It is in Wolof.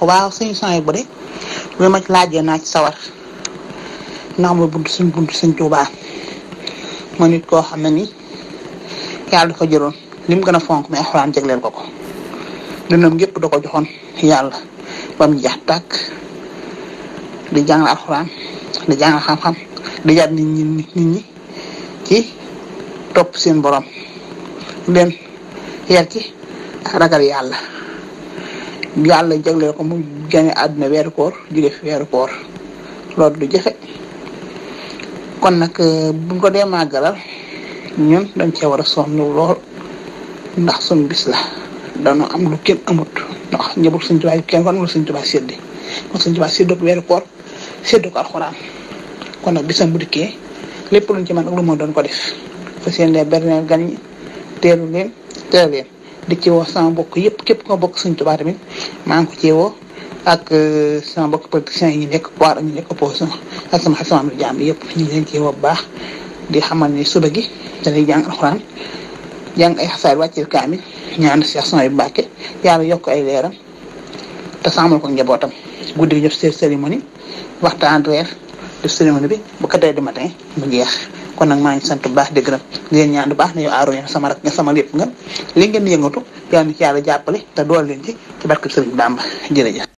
waaw suñu sony bu de lu ma laajee naa ci sawar ndax ma bunt suñ bunt suñ tuubaa ma nit koo xam ne ni yàlla dafa jëloon lim gën a fonk mais xoraan jagleel ko ko dundam gépp da ko joxoon yàlla ba mu jeex tàkk di jàngal alxuraan di jàngal xam-xam di jar nit ñi nit ñi ci topp seen borom leen yar ci ragal yàlla yàlla jagleel ko mu gane àdduna weeru koor jóge fi weeru koor loolu du jafe kon nag euh, buñ ko dee màggalal ñun dañ cee war a sonn lool ndax suñ bis la danu am lu kenn amut ndax ñëbul suñ tubaab kenn kon lu suñ tubaab sédde kon suñ tubaab séddu weeru koor séddu ko alxuraan kon nag bisa bu dikkee lépp luñ ci mën ak lu mu doon ko def fa seen lee berneel gan ñi leen teeru leen di ci woo sama mbokk yëpp képp ko bokk Sëñ Tuubaa tamit maa ngi ko ci woo ak euh, sama mbokk politiciens yi ñu nekk pouvoir ak ñu opposition ak sama sama am jàmm yëpp ñu ngi leen ci woo bu baax di xamal ni suba gi dañuy jàng ay xasaar wàcceel kaamil ñaan Seex Suhaybu Mbàkke yàlla yokk ay leeram te sàmmal ko njabootam guddi gi ñëpp seen cérémonie waxtaan reer def bi bu quatre heures du matin mu jeex kon nag maa ngi sant bu baax di gërëm di leen ñaan bu baax nañu aaro yéen sama rak nga sama lépp nga li ngeen yëngatu yal na ci yàlla jàppale te dool leen ci ci barke Sëriñ Bàmba jërëjëf